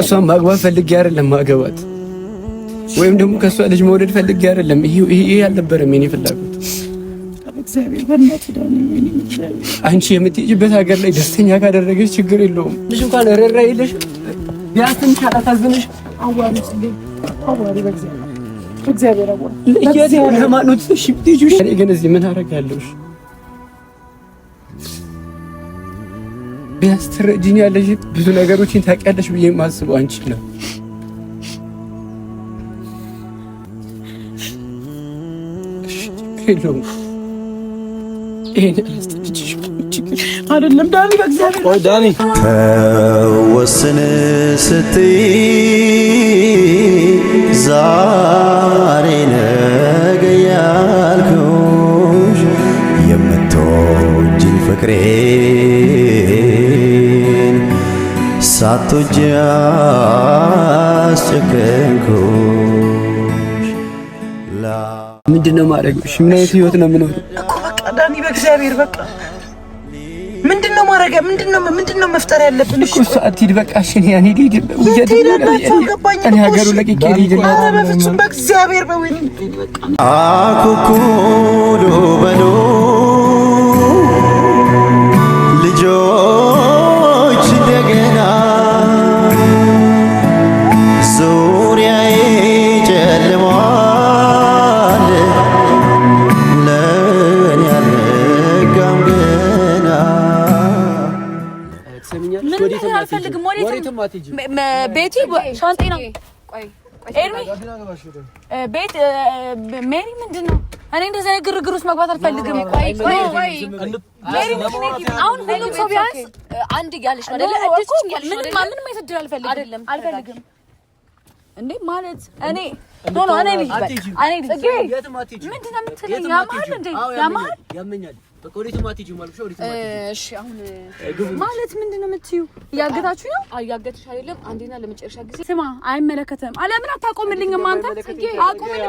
እሷን ማግባት ፈልጌ አይደለም ማገባት ወይም ደግሞ ከእሷ ልጅ መውደድ ፈልጌ አይደለም። ይሄ ይሄ አልነበረም የኔ ፍላጎት። አንቺ የምትሄጂበት ሀገር ላይ ደስተኛ ካደረገች ችግር የለውም። ልጅ እንኳን ረራ የለሽ ቢያንስ ካላታዝንሽ አዋሪ አዋሪ ግን እዚህ ምን አደርጋለሁ? ቢያንስ ያለሽ ብዙ ነገሮችን ታውቂያለሽ ብዬ የማስበው አንቺ ነው። ተወስን ስትይ ዛሬ ነገ ያልኩሽ የምትወጂኝ ፍቅሬ ሳትወጂ አስጨከንኩሽ። ምንድን ነው ማድረገው? ምን አይነት ህይወት ነው የምኖረው እኮ በቃ ዳኒ፣ በእግዚአብሔር በቃ ምንድን ነው ማድረግ ምንድን ነው ምንድን ነው መፍጠር ያለብን? እሺ እሱ አትሂድ በቃ እሺ እኔ ያኔ ልሂድ እኔ ሀገሩ ለቅቄ ልሂድ በፍጹም በእግዚአብሔር በወይኔ አኩኩሉ በሉ አልፈልግም። ወዴትም ቤቲ ሻንጤና ቤት ሜሪ፣ ምንድን ነው? እኔ እንደዚህ ግርግር ውስጥ መግባት አልፈልግም። አሁን ሁሉም ሰው ቢያንስ አንድ ምንም አይሰድር አልፈልግም፣ አልፈልግም እንዴ ማለት እኔ ኖ ኖ እኔ ልጅ በል እኔ ልጅ ምንድን ነው የምትለኝ? ያመሀል እንዴ ያመሀል ያመኛል ማለት ምንድን ነው የምትይው? እያገታችሁ ነው? እያገትሽ አይደለም። አንዴና ለመጨረሻ ጊዜ ስማ፣ አይመለከትም አለ። ምን አታቆምልኝም አንተ? አቁምልኝ።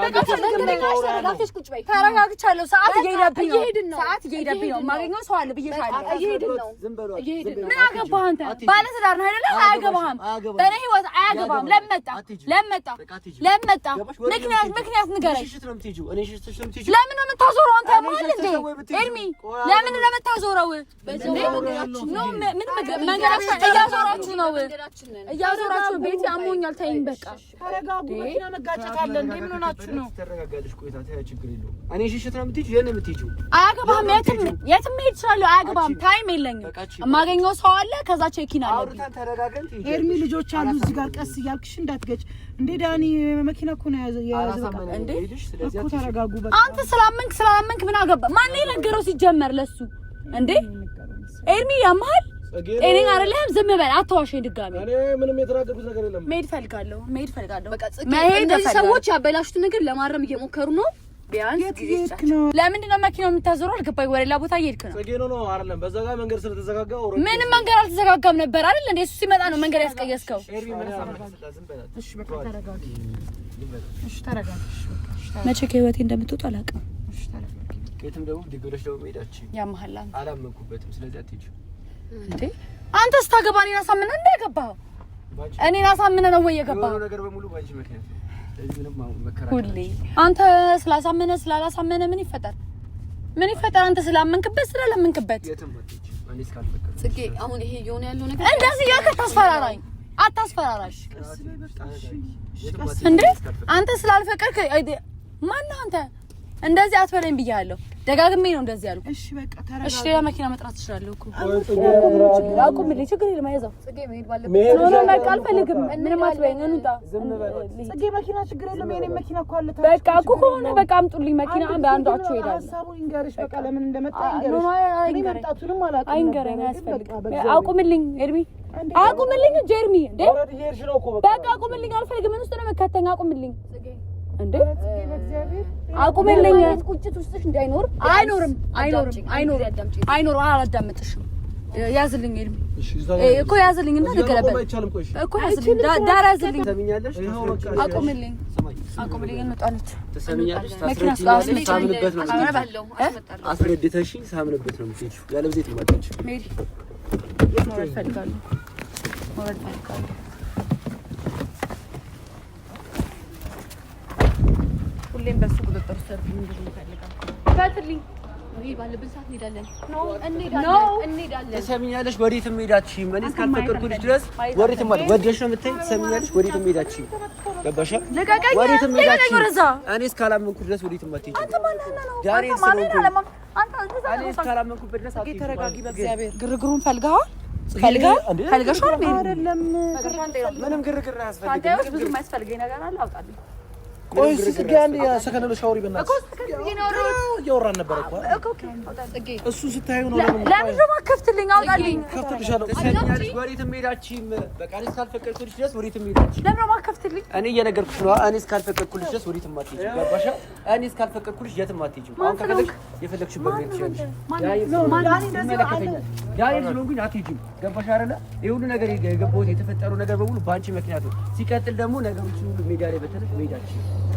በቃ ተረጋግቻለሁ። ሰዓት እየሄድን ነው። ሰዓት እየሄደብኝ ነው። የማገኘው ሰው አለ ብዬሻለሁ። እየሄድን ነው። ምን አገባህ አንተ? ባለትዳር ነው አይደለ? አያገባህም። በእኔ ህይወት አያገባህም። ለመጣ ለመጣ ለመጣ ምክንያት ምክንያት ንገረኝ። ለምን ነው የምታዞረው አንተ? ማለት እንዴ ኤርሚ ለምን ለምታዞረው ነው? ምን እያዞራችሁ ነው? እያዞራችሁ ቤት አሞኛል፣ ተይኝ በቃ መጋጨት አለ እንዴ? ምን ሆናችሁ ነው? የት ነው የምትሄጂው? አያገባህም። የትም የትም መሄድ እችላለሁ። አያገባህም። ታይም የለኝም። የማገኘው ሰው አለ፣ ከዛ ቼኪን አለ። ኤርሚ፣ ልጆች አሉ እዚህ ጋር። ቀስ እያልክሽ እንዳትገጭ እንዴ ዳኒ። መኪና እኮ ነው የያዘው። እኮ ተረጋጉ። በቃ አንተ ስላመንክ ስላመንክ ምን የነገረው ሲጀምር ሲጀመር ለሱ እንዴ ኤርሚ ያማል እኔ አይደለም ዝም በል አታዋሽኝ። ድጋሜ እኔ ምንም የተናገርኩት ነገር የለም። መሄድ ፈልጋለሁ፣ መሄድ ፈልጋለሁ። በቃ እነዚህ ሰዎች ያበላሹት ነገር ለማረም እየሞከሩ ነው። ቢያንስ ለምንድን ነው መኪናው የምታዞረው? አልገባኝ። ወደ ሌላ ቦታ እየሄድክ ነው? ጽጌ ነው ነው አይደለም። በዛ ጋር መንገድ ስለተዘጋጋ ምንም መንገድ አልተዘጋጋም ነበር አይደል እንደ እሱ ሲመጣ ነው መንገድ ያስቀየስከው። መቼ ከህይወቴ እንደምትወጡ አላውቅም። የትም ደግሞ ብድግ ብለሽ ደግሞ መሄድ አትችይም። ያመሀል አላመንኩበትም። ስለዚህ አትሄጂም እንዴ አንተ ስታገባ እኔን አሳምነህ እንደ ገባኸው እኔን አሳምነህ ነው ወይ የገባኸው? ነገር በሙሉ ባንቺ ምክንያት ነው። ሁሌ አንተ ስላሳመነ ስላላሳመነ ምን ይፈጠር ምን ይፈጠር? አንተ ስላመንክበት ስላላመንክበት ጽጌ፣ አሁን ይሄ እየሆነ ያለው ነገር እንደዚህ እያልክ ታስፈራራኝ። አታስፈራራሽ እንዴ አንተ ስላልፈቀድክ ማነው አንተ እንደዚህ አትበለኝ ብያለሁ። ደጋግሜ ነው እንደዚህ ያልኩት። እሺ በቃ ተረጋጋ። እሺ ሌላ መኪና መጥራት ትችላለህ እኮ አቁም። ልጅ ችግር የለም አይዞህ። ጽጌ መሄድ ባለበት በቃ አልፈልግም። ምንም አትበይኝ። እንውጣ ጽጌ። መኪና ችግር የለም የእኔ መኪና እኮ አለ። በቃ እኮ ከሆነ በቃ አምጡልኝ መኪና። አንድ በአንዷችሁ እሄዳለሁ። ሀሳቡን ይንገርሽ በቃ። ለምን እንደመጣ ይንገርሽ። እኔ መምጣቱንም አላውቅም። አይንገረኝ፣ አያስፈልግም። አቁምልኝ ኤርሚ አቁምልኝ። ጀርሚ በቃ አቁምልኝ። አልፈልግም። ምን ውስጥ ነው መከተኝ? አቁምልኝ እንዴ አቁም የለኝ። ቁጭት ውስጥሽ እንዳይኖር አይኖርም፣ አይኖርም፣ አይኖርም፣ አይኖርም። አላዳምጥሽም። ያዝልኝ እኮ ያዝልኝ እና ልገለበጥ እኮ ያዝልኝ፣ ዳር ያዝልኝ። አቁምልኝ፣ አቁምልኝ። እንውጣለት። ትሰሚኛለሽ? ሳምንበት አስረድተሽኝ፣ ሳምንበት ነው የምትሄጂው። ያለ ብዜት ነው የማትሄጂው። መውረድ እፈልጋለሁ፣ መውረድ እፈልጋለሁ ሁሌም በሱ ቁጥጥር ስር እንድን ትሰሚኛለሽ? ወዴትም መሄድ እኔ እስካልፈቀድኩልሽ ድረስ ወዴትም ማለት ወደሽ ነው የምትሄጂው። ትሰሚኛለሽ? ወዴትም መሄድ ገባሽ? ወዴትም መሄድ እኔ እስካላመንኩ ድረስ ወዴትም አትሄጂም። ዳንኤል እስካላመንኩበት ድረስ ተረጋጊ። በእግዚአብሔር ግርግሩን ፈልገሃል ፈልገሻል። ምንም ግርግር አያስፈልግም። ብዙ የሚያስፈልገኝ ነገር አለ። አውጣልኝ ቆይ እስኪ ፅጌ አንዴ ሰከንድ ብለሽ እያወራን ነበረ እኮ እሱ ስታየው ነው። ለምን ነው። እኔ እስካልፈቀድኩልሽ ድረስ ወዴትም ነገር የገባሁት የተፈጠረው ነገር በሙሉ በአንቺ ምክንያት ነው። ሲቀጥል ደግሞ ነገሮችን ሁሉ ሜዳ ላይ በተረፈ ሜዳችን ምን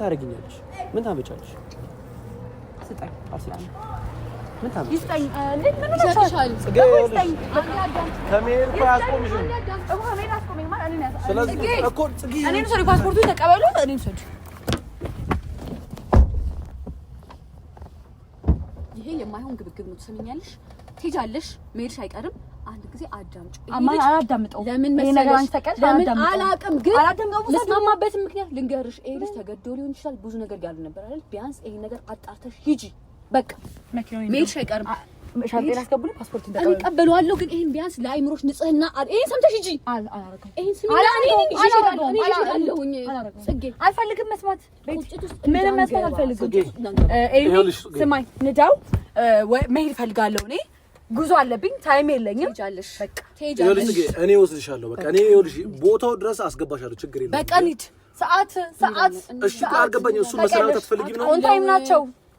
ታደርጊኛለሽ? ምን ታመጫለሽ? ፓስፖርቱ ተቀበሉ። ይሄ የማይሆን ግብግብ ነው። ትሰሚኛለሽ? ትሄጃለሽ፣ መሄድሽ አይቀርም። አንድ ጊዜ አዳምጪ። አላዳምጠውም። ለምን አላውቅም፣ ግን የምስማማበት ምክንያት ልንገርሽ። ይሄ ተገዶ ሊሆን ይችላል። ብዙ ነገር ያሉ ነበር አይደል? ቢያንስ ይሄን ነገር አጣርተሽ ሂጂ። በቃ መሄድሽ አይቀርም። ሻንጤን አስገብሉ፣ ግን ይሄን ቢያንስ ለአይምሮሽ ንጽህና ይሄን ሰምተሽ ሂጂ። አልፈልግም መስማት፣ ምንም መስማት አልፈልግም። ስማኝ ንዳው መሄድ እፈልጋለሁ እኔ ጉዞ አለብኝ። ታይም የለኝም። ትሄጃለሽ፣ እኔ እወስድሻለሁ። በቃ እኔ ይኸውልሽ፣ ቦታው ድረስ አስገባሻለሁ። ችግር የለም። በቃ እንሂድ። ሰዓት ሰዓት። እሺ፣ አልገባኝም። እሱ መሰናበት አትፈልጊም ነው። ኦን ታይም ናቸው።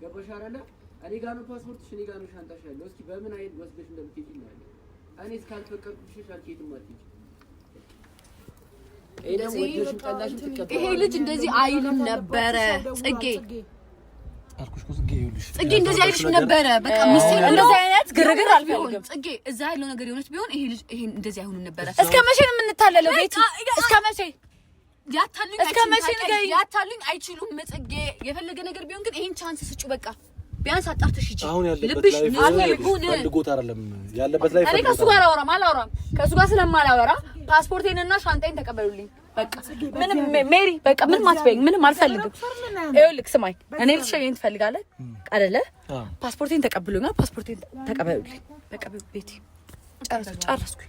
ገባሽ አይደለ? እኔ ጋር ነው ፓስፖርትሽ፣ እኔ ጋር ነው ሻንጣሽ ያለው። እስኪ በምን አይነት ወስደሽ እንደምትሄጂ እናያለን። እኔ እስካልፈቀድኩሽ አልሄድም አትሄጂም። ይሄ ልጅ እንደዚህ አይልም ነበረ ጽጌ ጽጌ፣ እንደዚህ አይልሽም ነበረ። በቃ ሚስቴ እንደዚህ አይነት ግርግር አልፈልግም። ጽጌ እዛ ያለው ነገር የሆነች ቢሆን ይሄ ልጅ ይሄን እንደዚህ አይሆንም ነበረ። እስከ መቼ ነው የምንታለለው ቤቲ? እስከ መቼ ያታሉኝ አይችሉም። መጽጌ የፈለገ ነገር ቢሆን ግን ይሄን ቻንስ ስጩ በቃ ቢያንስ አጣርተሽ ሂጂ። አሁን ያለበት ላይ እኔ ከሱ ጋር አወራም አላወራም ከሱ ጋር ስለማላወራ ፓስፖርቴን እና ሻንጣይን ተቀበሉልኝ። በቃ ምንም ሜሪ በቃ ምንም አትበይኝ፣ ምንም አልፈልግም። ይኸውልህ ስማኝ፣ እኔ ልትሸኘኝ ትፈልጋለህ አይደለ? ፓስፖርቴን ተቀበሉልኝ፣ ፓስፖርቴን ተቀበሉልኝ። በቃ ቤቴ ጨረስኩኝ።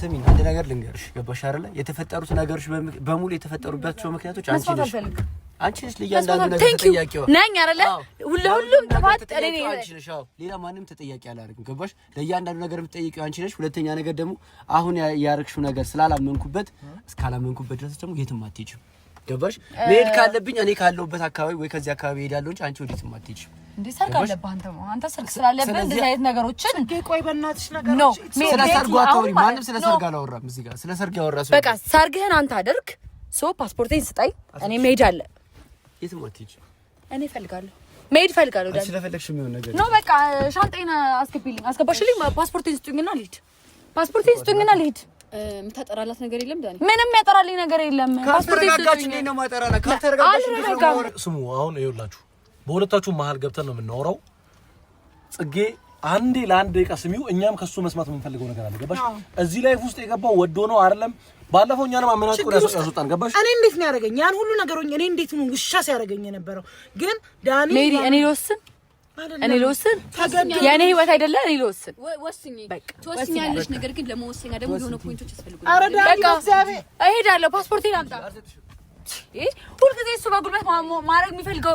ስሚ አንድ ነገር ልንገርሽ፣ ገባሽ አይደለ? የተፈጠሩት ነገሮች በሙሉ የተፈጠሩባቸው ምክንያቶች አንቺ ነሽ። አንቺ ነሽ ለእያንዳንዱ ነገር ተጠያቂው ነኝ አይደለ? ሁሉም ጥፋት ነሽ። ነኝ። ሌላ ማንም ተጠያቂ አላደርግም። ገባሽ? ለእያንዳንዱ ነገር የምትጠይቂው አንቺ ነሽ። ሁለተኛ ነገር ደግሞ አሁን ያረግሽው ነገር ስላላመንኩበት እስካላመንኩበት ድረስ ደግሞ የትም አትሄጂም። ገባሽ? መሄድ ካለብኝ እኔ ካለሁበት አካባቢ ወይ ከዚህ አካባቢ እሄዳለሁ እንጂ አንቺ ወዴትም አትሄጂም። እንዴ ሰርግ አለብህ አንተ። አንተ ሰርግ ስላለብህ እንደዚህ አይነት ነገሮችን ግን ቆይ፣ በእናትሽ ነገሮች ስለ ሰርጉ አታውሪ። ማንም ስለ ሰርግ አላወራም እዚህ ጋር። ስለ ሰርግ ያወራ ሰው በቃ ሰርግህን አንተ አድርግ። ሶ ፓስፖርቴን ስጠኝ፣ እኔ መሄድ አለ። የትም አትሄጂም። እኔ እፈልጋለሁ፣ መሄድ እፈልጋለሁ። ዳኒ ስለፈለግሽ የሚሆን ነገር ነው። በቃ ሻንጤን አስገቢልኝ፣ አስገባሽልኝ። ፓስፖርቴን ስጡኝና ልሂድ። ፓስፖርቴን ስጡኝና ልሂድ። የምታጠራላት ነገር የለም ዳኒ፣ ምንም ያጠራልኝ ነገር የለም። ፓስፖርቴን ስጡኝ ነው ማጠራላ። ካልተረጋጋችሁ ስሙ፣ አሁን ይኸውላችሁ በሁለታችሁ መሀል ገብተን ነው የምናወራው። ጽጌ አንዴ ለአንድ ደቂቃ ስሚው። እኛም ከሱ መስማት የምንፈልገው ነገር አለ። ገባሽ? እዚህ ላይፍ ውስጥ የገባው ወዶ ነው አይደለም። ባለፈው እኛንም አመናጭቆ ያስወጣን። ገባሽ? እኔ እንዴት ነው ያደረገኝ? ያን ሁሉ ነገር እኔ እንዴት ነው ውሻ ሲያደረገኝ የነበረው? ግን ዳኒ ሜሪ፣ እኔ ልወስን እኔ ልወስን፣ የእኔ ህይወት አይደለ። እኔ ልወስን ትወስኛለሽ፣ ነገር ግን ለመወሰኛ ደግሞ የሆነ ፖይንቶች ያስፈልጉታል። ኧረ ዳኒ እግዚአብሔር፣ እሄዳለሁ። ፓስፖርቴን አምጣ። ሁልጊዜ እሱ በጉልበት ማድረግ የሚፈልገው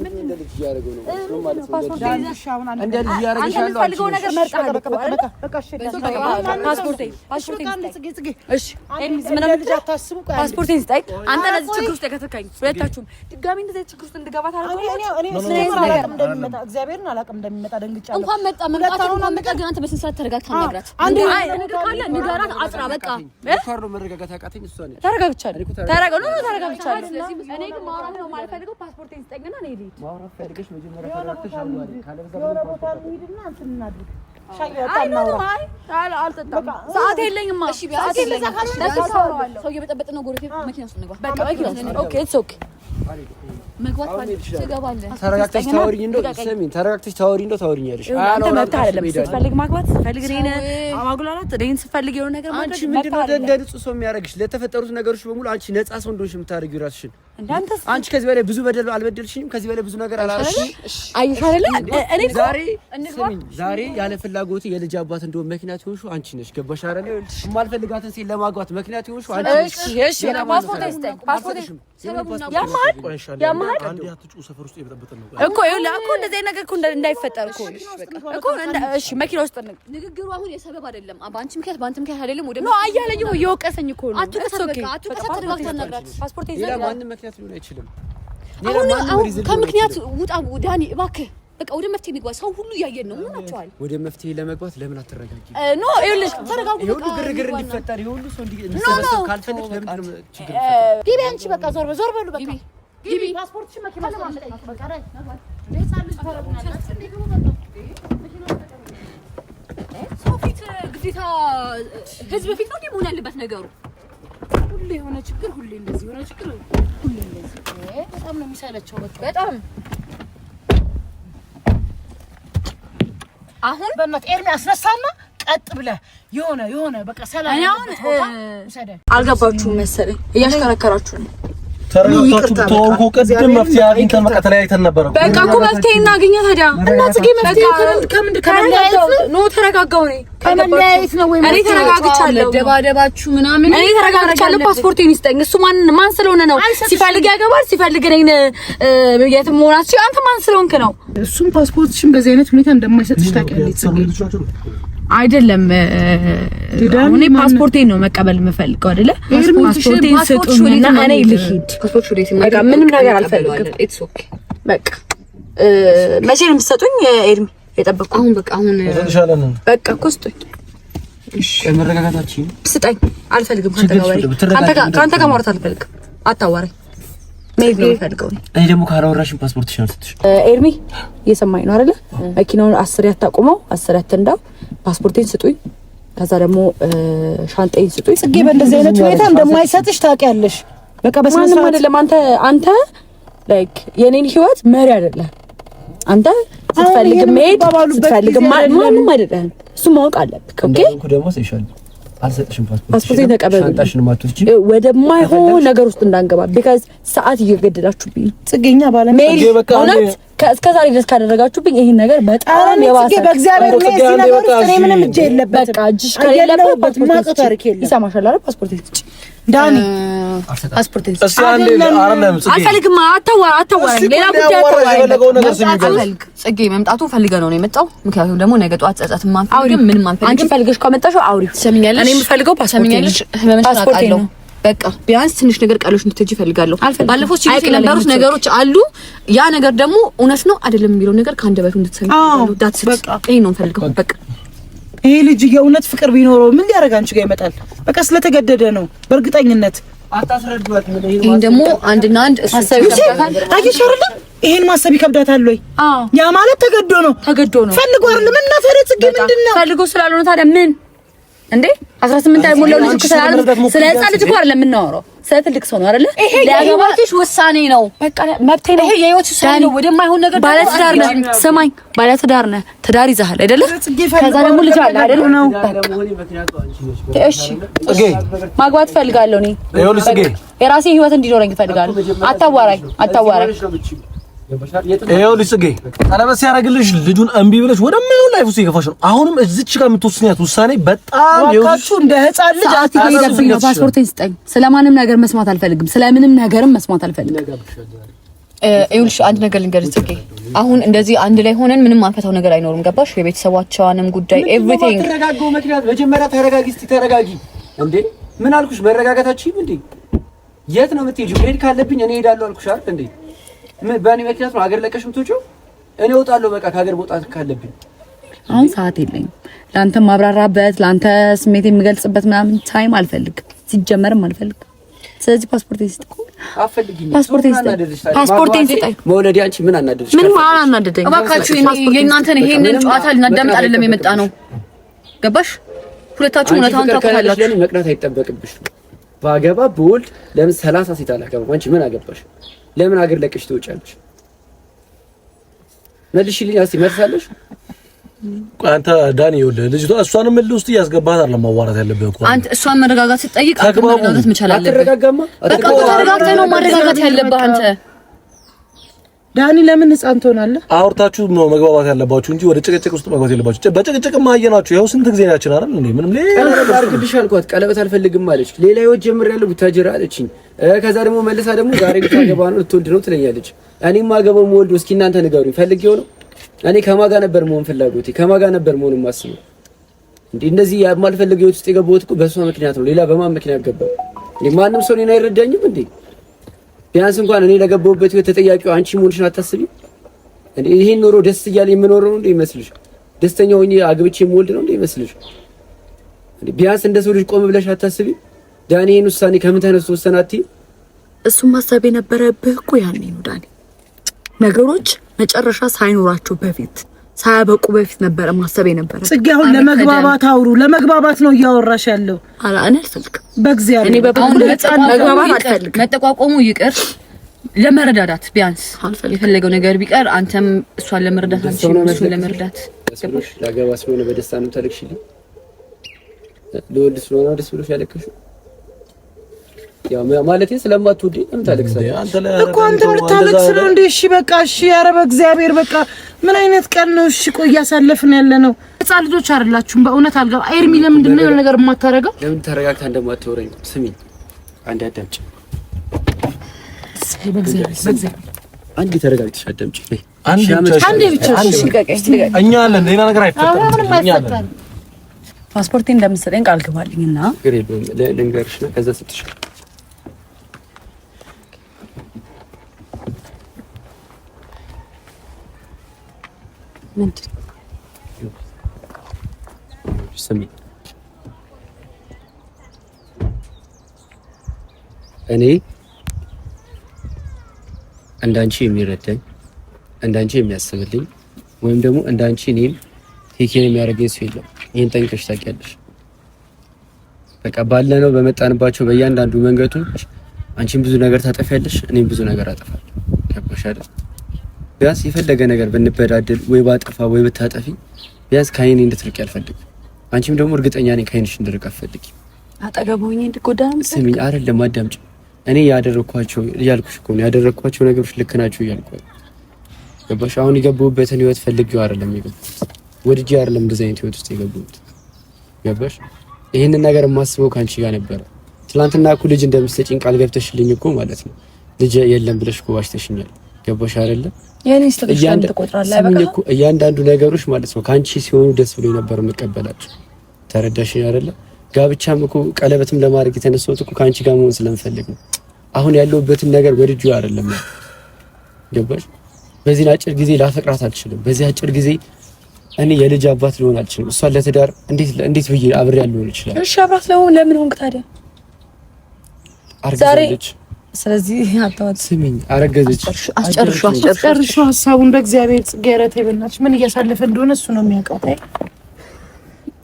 ምን እንደ ልጅ እያደረገው ነው? ፓስፖርቴን ስጠኝ አንተ። ለዚህ ችግር ውስጥ የከተካኝ ሁለታችሁም ድጋሚ እንደዚህ ችግር ውስጥ እንድገባ እግዚአብሔርን አላውቅም እንደሚመጣ ደንግጫለሁ። እንኳን መጣ መምጣት እንኳን መጣ፣ ግን አንተ በስንት ሰዓት ተረጋግተህ ንገራት። አንድ ነገር ካለ ንገራት፣ አጥራ። በቃ መረጋጋት አቃተኝ። እሷ ተረጋግቻለሁ፣ ተረጋግቻለሁ። እኔ ግን ማውራት ነው የማልፈልገው። ፓስፖርቴን ስጠኝና እኔ ማውራት ፈልገሽ ተረጋግተሽ ታወሪ እንደው ስሚኝ፣ ተረጋግተሽ መብት አይደለም ስትፈልግ ማግባት ስትፈልግ እኔን ማጉላላት እኔን ስትፈልግ የሆነ ነገር አንቺ ምንድን ነው እንደ ንጹህ ሰው የሚያደርግሽ? ለተፈጠሩት ነገሮች በሙሉ አንቺ ነፃ ሰው እንደሆንሽ የምታደርጊው እራስሽን አንቺ ከዚህ በላይ ብዙ በደል አልበደልሽኝም። ከዚህ በላይ ብዙ ነገር ዛሬ ያለ ፍላጎት የልጅ አባት እንደሆነ ምክንያት የሆንሽው አንቺ ነሽ። ገባሽ አይደለ? የማልፈልጋትን ሴት ለማግባት ምክንያት የሆንሽው አንቺ ነሽ። እሺ፣ ፓስፖርት መኪና ውስጥ ንግግሩ አሁን የሰበብ አይደለም። ምክንያት ሊሆን አይችልም። ከምክንያት ውጣ ዳኒ እባክህ። በቃ ወደ መፍትሄ እንግባ። ሰው ሁሉ እያየን ነው። ምን ወደ መፍትሄ ለመግባት ለምን አትረጋጊ? ኖ ይኸውልሽ፣ ተረጋጉ። በቃ ግርግር እንዲፈጠር ይሁሉ ሰው እንዲሰበሰብ ካልፈለግ ለምን ነው ችግር? ቢቢ አንቺ በቃ ዞር በዞር በሉ በቃ ቢቢ ፓስፖርትሽ መኪና ለማመጣት ሰው ፊት ግዴታ ህዝብ ፊት ነው መሆን ያለበት ነገሩ ሁሌ የሆነ ችግር፣ ሁሌ እንደዚህ የሆነ ችግር፣ ሁሌ እንደዚህ። በጣም ነው የሚሰለቸው በቃ በጣም አሁን በእናትህ ኤርሚ አስነሳና ቀጥ ብለህ የሆነ የሆነ በቃ ሰላም አልገባችሁም መሰለኝ እያሽከረከራችሁ ነው ተረጋግታችሁ ብታወሩ እኮ ቅድም መፍትሄ አግኝተን በቃ ተለያይተን ነበረ። በቃ እኮ መፍትሄ እናገኘ ታዲያ እና ጽጌ መፍትሄ ከምንድ ከመለያየት ነው። ተረጋጋው ነኝ ከመለያየት ነው ወይ እኔ ተረጋግቻለሁ። ደባደባችሁ ምናምን እኔ ተረጋግቻለሁ። ፓስፖርቴን ይስጠኝ። እሱ ማን ማን ስለሆነ ነው? ሲፈልግ ያገባል፣ ሲፈልግ ነኝ። የትም ሆናችሁ አንተ ማን ስለሆንክ ነው? እሱም ፓስፖርትሽን በዚህ አይነት ሁኔታ እንደማይሰጥሽ ታውቂያለሽ ጽጌ አይደለም አሁን ፓስፖርቴን ነው መቀበል የምፈልገው፣ አይደለ ፓስፖርቴን ስጡኝና እኔ ልሂድ። በቃ ምንም ነገር አልፈልግም። ኢትስ ኦኬ በቃ መቼ ነው የምትሰጡኝ? ኤርሚ የጠበቅኩት አሁን በቃ አሁን በቃ እኮ ስጡኝ። እሺ መረጋጋታችን ስጠኝ። አልፈልግም። ከአንተ ጋር ከአንተ ጋር ማውራት አልፈልግም። አታዋራኝ መሄድ እኔ ደግሞ ካላወራሽን ፓስፖርትሽ ነው ኤርሚ እየሰማኝ ነው አይደለ? መኪናውን አስር ያታቁመው አስር ያትንዳው ፓስፖርቴን ስጡኝ። ከዛ ደግሞ ሻንጤን ስጡኝ። ጽጌ በእንደዚህ አይነት ሁኔታ እንደማይሰጥሽ ታውቂያለሽ። በቃ በስማንም አይደለም አንተ አንተ ላይክ የኔን ህይወት መሪ አይደለ አንተ ስትፈልግ መሄድ ስትፈልግ ማንም አይደለም። እሱ ማወቅ አለብህ። ኦኬ ደግሞ ሰይሻለሁ አልሰጥሽም ፓስፖርት ተቀበል። ወደማይሆን ነገር ውስጥ እንዳንገባ ቢካዝ ሰዓት እየገደዳችሁብኝ ጽጌኛ ባለ ሜል እስከ ዛሬ ድረስ ካደረጋችሁብኝ ይሄን ነገር በጣም የባሰ በእግዚአብሔር ምንም እጄ በቃ እጅሽ ከሌለበት ፓስፖርት ዳኒ ፓስፖርት እሱ አንዴ ጽጌ ሌላ መምጣቱ ፈልገ ነው ነው የመጣው። ምክንያቱም ደግሞ ነገ ጠዋት ጸጸት ማንፈልግም ምንም አንፈልግም። አንቺ ፈልገሽ ከመጣሽው አውሪ። ትሰሚኛለሽ? እኔ የምፈልገው ፓስፖርት ፓስፖርት ነው በቃ ቢያንስ ትንሽ ነገር ቃሎች እንድትጂ ይፈልጋለሁ። ባለፈው ሲሉ የነበሩት ነገሮች አሉ። ያ ነገር ደግሞ እውነት ነው አይደለም የሚለው ነገር ከአንደበቱ እንድትሰሚ ዳትስ ይሄ ነው ፈልገው። በቃ ይሄ ልጅ የእውነት ፍቅር ቢኖረው ምን ሊያደርግ አንቺ ጋር ይመጣል? በቃ ስለተገደደ ነው በእርግጠኝነት። ይሄን ደግሞ አንድና አንድ ይሄን ማሰብ ይከብዳታል ወይ? ያ ማለት ተገዶ ነው ተገዶ ነው ፈልጎ አይደለም እና ፈረጽ ግን ምንድነው ፈልጎ ስላልሆነ ታዲያ ምን እንዴ 18 አይሞላው ልጅ ከሰላል ስለ ህፃን ልጅ እኮ አይደለም የምናወራው፣ ስለ ትልቅ ሰው ነው አይደለ? ለያገባትሽ ውሳኔ ነው፣ በቃ መብቴ ነው። ይሄ የህይወት ውሳኔ ነው። ወደማይሆን ነገር ባለ ትዳር ነህ፣ ስማኝ፣ ባለ ትዳር ነህ፣ ትዳር ይዘሃል አይደለ? ከዛ ደግሞ ልጅ አለ አይደለ? ነው እሺ፣ ማግባት እፈልጋለሁ እኔ፣ የራሴ ህይወት እንዲኖረኝ እፈልጋለሁ። አታዋራኝ፣ አታዋራኝ ይኸው ልጅ ጽጌ ቀለበት ሲያደርግልሽ ልጁን እምቢ ብለሽ ወደ ምኑ ላይፍ ውስጥ የገፋሽ ነው። አሁንም እዚች ጋር የምትወስኛት ውሳኔ በጣም ይኸውልሽ፣ እንደ ህፃን ልጅ አትሄደብኝ ነው። ፓስፖርቴን ስጠኝ። ስለማንም ነገር መስማት አልፈልግም። ስለምንም ነገርም መስማት አልፈልግም። ይኸውልሽ አንድ ነገር ልንገርሽ ጽጌ፣ አሁን እንደዚህ አንድ ላይ ሆነን ምንም አንፈታው ነገር አይኖርም። ገባሽ? የቤተሰባቸዋንም ጉዳይ ኤቭሪቲንግ። ተረጋጋው። ምክንያት መጀመሪያ ተረጋጊ፣ እስቲ ተረጋጊ። እንዴ ምን አልኩሽ? መረጋጋታችን እንዴ የት ነው የምትሄጂው? መሄድ ካለብኝ እኔ እሄዳለሁ አልኩሽ አይደል እንዴ በእኔ ምክንያት ነው ሀገር ለቀሽ የምትወጪው? እኔ እወጣለሁ በቃ ከሀገር መውጣት ካለብኝ። አሁን ሰዓት የለኝም ለአንተ ማብራራበት፣ ለአንተ ስሜት የሚገልጽበት ምናምን ታይም አልፈልግ፣ ሲጀመርም አልፈልግም። ስለዚህ ፓስፖርቴን ስጠኝ። አትፈልጊኝም? ፓስፖርቴን ስጠኝ። ፓስፖርቴን ስጠኝ። መውለዴ አንቺ ምን አናደደሽ? ምንም አናደደኝ። እባካችሁ የእናንተን ይሄንን ጨዋታ ልናዳምጥ አይደለም የመጣ ነው። ገባሽ? ሁለታችሁ እውነታውን ታውቃላችሁ። መቅናት አይጠበቅብሽ። ባገባ በወልድ ለምን ሰላሳ ሴት አላገባም? አንቺ ምን አገባሽ? ለምን ሀገር ለቅሽ ትወጫለሽ? መልሽልኝ እስኪ መልሳለሽ። አንተ ዳኒ ይኸውልህ፣ ልጅቷ እሷንም እልህ ውስጥ እያስገባት አይደለም ማዋራት ያለብህ እኮ አንተ። እሷን መረጋጋት ስትጠይቅ መረጋጋት መቻል አለብህ። አትረጋጋማ። በቃ ተረጋግተህ ነው ማረጋጋት ያለብህ አንተ ዳኒ ለምን ህፃን ትሆናለህ? አውርታችሁ ነው መግባባት ያለባችሁ እንጂ ወደ ጭቅጭቅ ውስጥ መግባት የለባችሁ። በጭቅጭቅ ማየናችሁ ያው ስንት ጊዜ ናችን አይደል እንዴ? ምንም ሌላ ቀለበት አድርግልሽ አልኳት። ቀለበት አልፈልግም አለች። ሌላ ህይወት ጀምሬያለሁ ቡታጅራ አለችኝ። ከዛ ደግሞ መልሳ ደግሞ ዛሬ ልታገባ ነው ልትወልድ ነው ትለኛለች። እኔም ማገባው ወልድ እስኪ እናንተ ንገሩኝ። ፈልጌ ነው እኔ ከማጋ ነበር መሆን ፍላጎቴ ከማጋ ነበር መሆን ማስበው እንዴ? እንደዚህ የማልፈልገው ህይወት ውስጥ የገባሁት እኮ በእሷ ምክንያት ነው። ሌላ በማን ምክንያት ገባ? ማንም ሰው እኔን አይረዳኝም እንዴ? ቢያንስ እንኳን እኔ ለገባሁበት ህይወት ተጠያቂው አንቺ መሆንሽን አታስቢ። እንዴ ይሄን ኑሮ ደስ እያለ የምኖረው እንዴ ይመስልሽ? ደስተኛ ሆኜ አግብቼ የምወልድ ነው እንደ ይመስልሽ? ቢያንስ እንደ ሰው ልጅ ቆም ብለሽ አታስቢ። ዳኒ ይሄን ውሳኔ ከምን ተነስቶ ወሰነ አትይ። እሱም ሀሳብ የነበረብህ እኮ ያኔ ነው ዳኒ፣ ነገሮች መጨረሻ ሳይኖራቸው በፊት ሳያበቁ በፊት ነበረ ማሰብ የነበረ። ጽጌ አሁን ለመግባባት አውሩ፣ ለመግባባት ነው እያወራሽ ያለው። እኔ አልፈልግም፣ በእግዚአብሔር መግባባት ይቅር፣ ለመረዳዳት ቢያንስ የፈለገው ነገር ቢቀር አንተም እሷን ለመረዳት አንቺም እሱን ለመረዳት ለአገባ ስለሆነ በደስታ ነው ተልክሽልኝ፣ ልወልድ ስለሆነ ደስ ብሎሽ ያለክሽው ማለት ስለማትወድ የምታለቅስ እኮ አንተም ልታለቅስ ነው እንዴ? እሺ በቃ እሺ። ኧረ በእግዚአብሔር በቃ ምን አይነት ቀን ነው? እሺ ቆይ እያሳለፍን ያለ ነው። ህፃን ልጆች አይደላችሁም። በእውነት አልገባ ኤርሚ፣ ለምንድን ነው የሆነ ነገር የማታደርገው? ለምን ተረጋግታ እንደማታወራኝ ስሚ፣ አንዴ አዳምጪ። አንድ በእግዚአብሔር አንዴ ተረጋግተሽ አዳምጪ። እኛ አለን፣ ሌላ ነገር አይፈጠርም። ፓስፖርቴ እንደምትሰጠኝ ቃል ግባልኝና ልንገርሽ ከዛ ስትሽ እኔ እንዳንቺ የሚረዳኝ እንዳንቺ የሚያስብልኝ ወይም ደግሞ እንዳንቺ እኔን ቴኬን የሚያደርገኝ ሰው የለም። ይህን ጠንቅሽ ታውቂያለሽ። በቃ ባለነው በመጣንባቸው በእያንዳንዱ መንገዶች አንቺን ብዙ ነገር ታጠፊያለሽ፣ እኔም ብዙ ነገር አጠፋለሁ። ገባሽ አይደል? ቢያንስ የፈለገ ነገር ብንበዳደል ወይ ባጠፋ ወይ ብታጠፊ ቢያንስ ከአይኔ እንድትርቅ አልፈልግም። አንቺም ደግሞ እርግጠኛ ነኝ ከአይንሽ እንድርቅ አልፈልግም። አጠገብ ሆኜ እንድጎዳ ስሚኝ፣ አይደለም አዳምጪ። እኔ ያደረግኳቸው እያልኩሽ እኮ ነው ያደረኳቸው ነገሮች ልክ ናቸው እያልኩ ገባሽ? አሁን የገባሁበትን ህይወት ፈልጌው አይደለም የገባሁት፣ ወድጄ አይደለም እንደዚህ አይነት ህይወት ውስጥ የገባሁት ገባሽ? ይህንን ነገር የማስበው ከአንቺ ጋር ነበረ። ትናንትና እኮ ልጅ እንደምትሰጪኝ ቃል ገብተሽልኝ እኮ ማለት ነው ልጅ የለም ብለሽ እኮ ዋሽተሽኛል። ገባሽ አይደለም? እያንዳንዱ ነገሮች ማለት ነው ከአንቺ ሲሆኑ ደስ ብሎ የነበረው መቀበላቸው ተረዳሽ አይደለ? ጋብቻም እኮ ቀለበትም ለማድረግ የተነሳሁት እኮ ከአንቺ ጋር መሆን ስለምፈልግ ነው። አሁን ያለሁበትን ነገር ወድጁ አይደለም። ገባሽ? በዚህ አጭር ጊዜ ላፈቅራት አልችልም። በዚህ አጭር ጊዜ እኔ የልጅ አባት ሊሆን አልችልም። እሷን ለትዳር እንዴት እንዴት ብዬ አብሬ ልሆን ይችላል? እሺ አብራት ለምን ሆንክ ታዲያ? አርግዛለች ስለዚህ አታዋት ስሚኝ፣ አረገዘች። አስጨርሹ አስጨርሹ ሀሳቡ በእግዚአብሔር እግዚአብሔር ጽጌ ረቴ በእናትሽ ምን እያሳለፈ እንደሆነ እሱ ነው የሚያውቀው።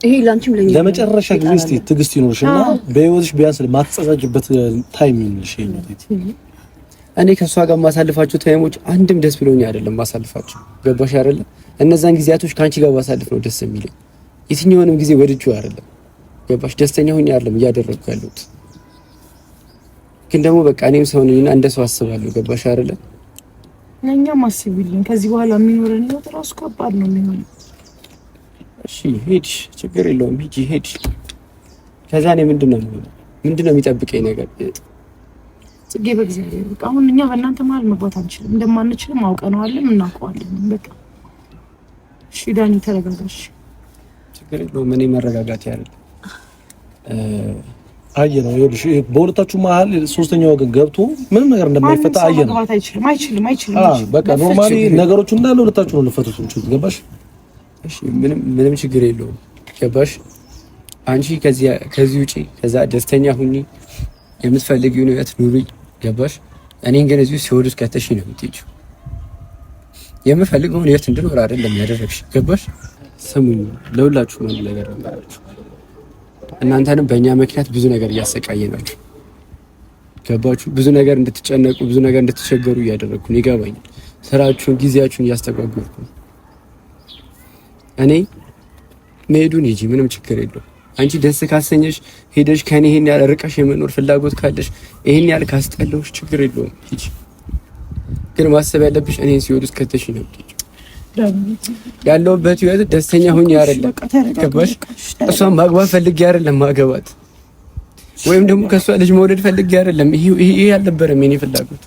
ይሄ ላንቺም ለኛ ለመጨረሻ ጊዜ እስቲ ትዕግስት ይኖርሽና በህይወትሽ ቢያንስ ማትጸጸጅበት ታይም ይኖርሽ። እኔ ከእሷ ጋር ማሳልፋችሁ ታይሞች አንድም ደስ ብሎኝ አይደለም ማሳልፋችሁ። ገባሽ አይደለ? እነዛን ጊዜያቶች ከአንቺ ጋር ማሳልፍ ነው ደስ የሚለኝ። የትኛውንም ጊዜ ወድጄው አይደለም። ገባሽ? ደስተኛ ሆኜ አይደለም እያደረግኩ ያለሁት ግን ደግሞ በቃ እኔም ሰው ነኝና እንደ ሰው አስባለሁ። ገባሽ አይደለ? ለእኛም አስቢልኝ። ከዚህ በኋላ የሚኖረን ህይወት ራሱ ከባድ ነው የሚሆነው። እሺ ሂድ፣ ችግር የለውም ሂጂ፣ ሂድ። ከዛ እኔ ምንድን ነው ምንድን ነው የሚጠብቀኝ ነገር ጽጌ? በእግዚአብሔር በቃ አሁን እኛ በእናንተ መሀል መግባት አንችልም። እንደማንችልም አውቀነዋለን፣ እናውቀዋለን። በቃ እሺ ዳኒ ተረጋጋሽ። ችግር የለውም እኔ መረጋጋት ያለ አየ ነው። ይኸውልሽ በሁለታችሁ መሀል ሶስተኛ ወገን ገብቶ ምንም ነገር እንደማይፈታ አየ ነው። በቃ ኖርማሊ ነገሮቹ እንዳለ ሁለታችሁ ነው ልፈቱት እንችል ገባሽ? እሺ ምንም ምንም ችግር የለውም ገባሽ? አንቺ ከዚያ ከዚህ ውጪ ከዛ ደስተኛ ሁኚ፣ የምትፈልጊው ነገር ኑሪ ገባሽ? እኔን ግን እዚሁ ሲወዱት ከተሽ ነው የምትሄጂው። የምፈልገውን ህይወት እንድኖር አይደለም ያደረግሽ ገባሽ? ስሙኝ ለሁላችሁ ነው ነገር ነው እናንተንም በእኛ ምክንያት ብዙ ነገር እያሰቃየ እያሰቃየናችሁ ገባችሁ። ብዙ ነገር እንድትጨነቁ ብዙ ነገር እንድትቸገሩ እያደረግኩን ይገባኛል። ስራችሁን፣ ጊዜያችሁን እያስተጓጎልኩ እኔ መሄዱን ሂጂ፣ ምንም ችግር የለውም። አንቺ ደስ ካሰኘሽ ሄደሽ ከኔ ይሄን ያህል ርቀሽ የመኖር ፍላጎት ካለሽ ይሄን ያህል ካስጠለውሽ ችግር የለውም ሂጂ። ግን ማሰብ ያለብሽ እኔን ሲወዱ እስከተሽ ነው። ያለውበት ህይወት ደስተኛ ሁኝ አይደለም። ገባሽ? እሷን ማግባት ፈልጌ አይደለም ማገባት ወይም ደግሞ ከእሷ ልጅ መውለድ ፈልጌ አይደለም። ይሄ አልነበረም የኔ ፍላጎት።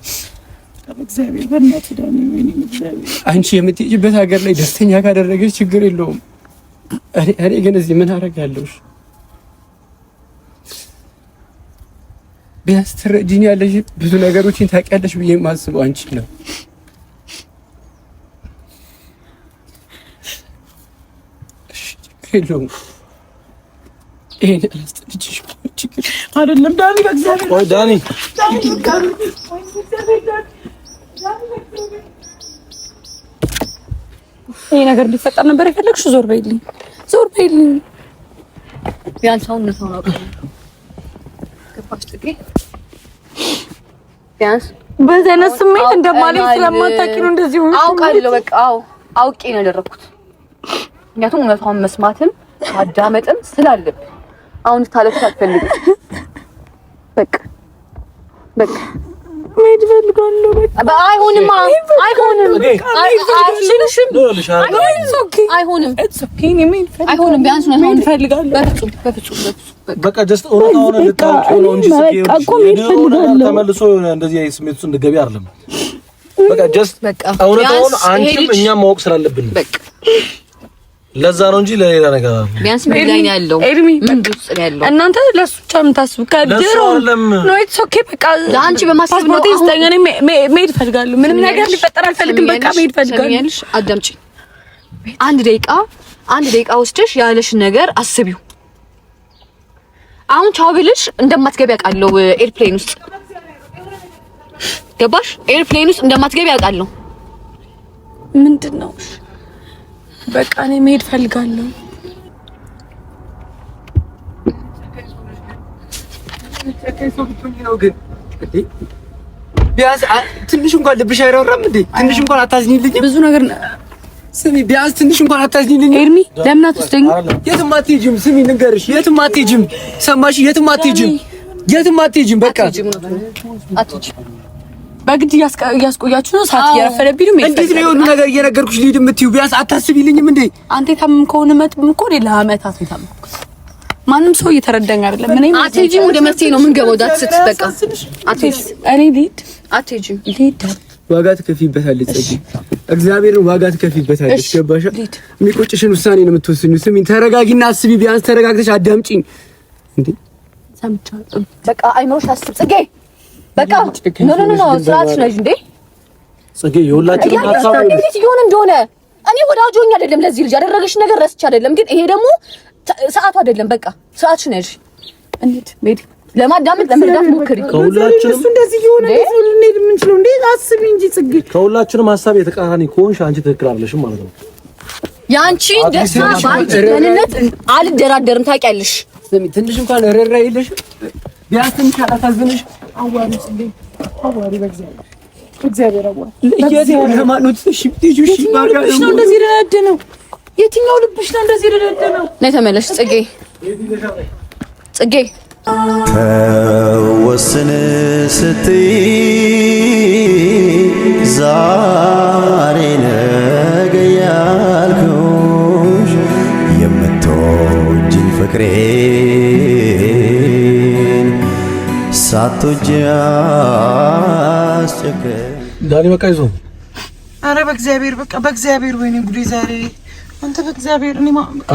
አንቺ የምትሄጂበት ሀገር ላይ ደስተኛ ካደረገች ችግር የለውም። እኔ ግን እዚህ ምን አደርጋለሁ? ቢያንስ ብዙ ነገሮችን ታውቂያለሽ ብዬ የማስበው አንቺ ነው። የለውም። አይደለም ዳኒ፣ ቆይ ዳኒ ይሄ ነገር እንዲፈጠር ነበር የፈለግሽ? ዞር በይልኝ፣ ዞር በይልኝ። ቢያንስ አሁን ነው ታውቃ ገባሽ? ጥቂት ቢያንስ በዚህ አይነት ስሜት እንደማለኝ ስለማታውቂ ነው እንደዚህ አውቃለሁ፣ በቃ አዎ፣ አውቄ ነው ያደረኩት። ምክንያቱም እውነቷን መስማትም ማዳመጥም ስላለብህ አሁን ታለቅስ አትፈልግም። በቃ በቃ መሄድ እፈልጋለሁ። በቃ አይሆንም፣ አይሆንም፣ አይሆንም፣ አይሆንም። ቢያንስ እውነታውን በፍጹም በፍጹም በቃ ጀስት ስሜት እንድትገቢ አይደለም። በቃ ጀስት እውነታውን አንቺም እኛም ማወቅ ስላለብን በቃ ለዛ ነው እንጂ ለሌላ ነገር አለ። ቢያንስ ምን ያለው ኤርሚ እናንተ ለሱ ብቻ የምታስቡ ከድሮ ነው። ኢትስ ኦኬ በቃ ለአንቺ በማሰብ ነው። መሄድ ፈልጋለሁ። ምንም ነገር ሊፈጠር አልፈልግም። በቃ መሄድ ፈልጋለሁ። አዳምጪ አንድ ደቂቃ፣ አንድ ደቂቃ ወስደሽ ያለሽ ነገር አስቢው። አሁን ቻው ብልሽ እንደማትገቢ ያውቃለሁ። ኤርፕሌን ውስጥ ገባሽ? ኤርፕሌን ውስጥ እንደማትገቢ ያውቃለሁ። ምንድን ነው በቃ እኔ መሄድ ፈልጋለሁ። ቢያንስ ትንሽ እንኳን ልብሽ አይራራም እንዴ? ትንሽ እንኳን አታዝኝልኝ? ብዙ ነገር ስሚ፣ ቢያንስ ትንሽ እንኳን አታዝኝልኝ? ኤርሚ ለምን አትወስደኝ? የትም አትሄጂም። ስሚ ንገርሽ፣ የትም አትሄጂም። ሰማሽ? የትም አትሄጂም፣ የትም አትሄጂም። በቃ አትሄጂም። በግድ እያስቆያችሁ ነው። ሰዓት እየረፈደብኝ ነው። እንዴት ነው የሆኑ ነገር እየነገርኩሽ ልሂድ የምትዩ? ቢያንስ አታስቢልኝም እንዴ? አንተ የታመም ከሆነ መጥም እኮ ለአመታት ነው የታመም ማንም ሰው እየተረዳኝ አይደለም። እኔ አትሄጂም፣ ወደ መፍትሄ ነው የምንገባው። ዳት ስትጠቃ አትሄጂም። እኔ ልሂድ፣ አትሄጂም። ልሂድ፣ ዋጋ ትከፊበታለች። ጸጂ፣ እግዚአብሔርን ዋጋ ትከፊበታለች። ገባሽ? የሚቆጭሽን ውሳኔ ነው የምትወስኚው። ስሚኝ፣ ተረጋጊና አስቢ። ቢያንስ ተረጋግተሽ አዳምጪኝ እንዴ። ሰምቻለሁ። በቃ አይምሮሽ አስብ ጽጌ በቃ ኖ ኖ ኖ ስርዓት ነሽ እንዴ ጽጌ፣ የሁላችንም እንዴት እየሆነ እንደሆነ እኔ ወዳጆኝ አይደለም። ለዚህ ልጅ ያደረገሽ ነገር ረስቼ አይደለም፣ ግን ይሄ ደግሞ ሰዓቱ አይደለም። በቃ ሰዓትሽ ነሽ። እንዴት ቤት ለማዳመጥ ለመርዳት ሞክሪ። ከሁላችንም እንደዚህ እየሆነ ልንሄድ የምንችለው እንዴ? አስቢ እንጂ ጽጌ። ከሁላችንም ሀሳብ የተቃራኒ ከሆንሽ አንቺ ትክክል አይደለሽም ማለት ነው። የአንቺ ደስታ በአንቺ ደህንነት አልደራደርም። ታውቂያለሽ። ትንሽ እንኳን ረራ የለሽ ቢያንስ ትንሽ አላሳዝንሽ አዋሪ ስልኝ አዋሪ በእግዚአብሔር እግዚአብሔር አዋሪ ነው የትኛው ልብሽ ነው እንደዚህ የደነደነው? ነይ ተመለሽ ጽጌ፣ ጽጌ ተወስን ስትይ ዛሬ ነገ ያልኩሽ የምትወጂኝ ፍቅሬ ሳትወጂ ዳኒ በቃ ይዞ አረ በእግዚአብሔር በቃ በእግዚአብሔር ወይኔ ጉዴ ዛሬ አንተ በእግዚአብሔር እኔ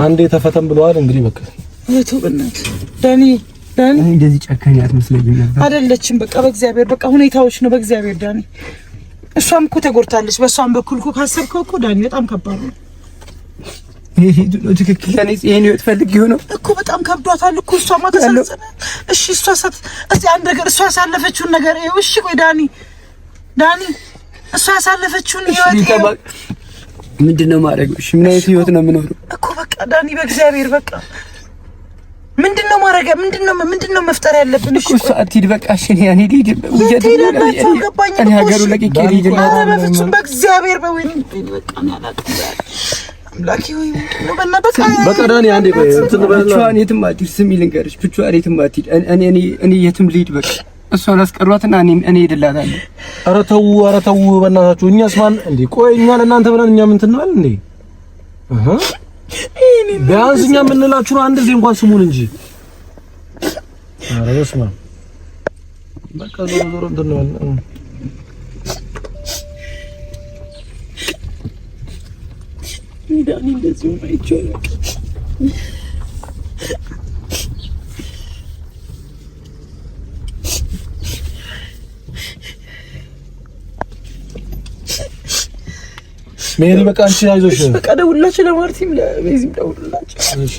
አንዴ ተፈተን ብለዋል። እንግዲህ በቃ የቱ በእናትህ ዳኒ ዳኒ እንደዚህ ጨካኝ አትመስለኝም አይደለችም በቃ በእግዚአብሔር በቃ ሁኔታዎች ነው በእግዚአብሔር ዳኒ። እሷም እኮ ተጎድታለች። በእሷም በኩል እኮ ካሰብከው እኮ ዳኒ በጣም ከባድ ነው። ትክክል ይሄን ህይወት ፈልግ ይሆነው እኮ በጣም ከብዷታል እኮ እሷ ማተሰለሰለ። እሺ እሷ ሰት እዚህ አንድ ነገር እሷ ያሳለፈችውን ነገር ይኸው። እሺ ቆይ ዳኒ ዳኒ እሷ ያሳለፈችውን ህይወት ምንድን ነው ማድረገው? እሺ ምን አይነት ህይወት ነው የምኖረው? እኮ በቃ ዳኒ በእግዚአብሔር በቃ ምንድን ነው ማድረግ? ምንድን ነው ምንድን ነው መፍጠር ያለብን? እሺ እሷ አትሂድ፣ በቃ እሺ እኔ ያኔ ዲድ ወጀደላችሁ ገባኝ። እኔ ሀገሩ ለቅቄ ልሂድ ነው በፍጹም በእግዚአብሔር በወይኔ በቃ ነው ያላቀበል በቀዳን አንዴ ብቻዋን የትም አትሄድ። ስሚ ልንገርሽ፣ ብቻዋን የትም አትሄድ። እኔ እኔ የትም ልሂድ በቃ እሷን አስቀሯትና እኔ እኔ ሄድላታለሁ። ኧረ ተው፣ ኧረ ተው በእናታችሁ። እኛስ ማን እንዴ? ቆይ እኛ ለእናንተ ብለን እኛ ምን ትንበል እንዴ? ቢያንስ እኛ የምንላችሁ ነው አንድ ጊዜ እንኳን ስሙን እንጂ። ኧረ በስመ አብ በቃ ዞሮ ዞሮ እንትን ነው ዳኒ እንደዚህ ሆኖ አይቼዋለሁ። ሜሪ በቃ አንቺ አይዞሽ፣ በቃ ደውልላቸው፣ ለማርቲም ለቤዚም ደውልላቸው። እሺ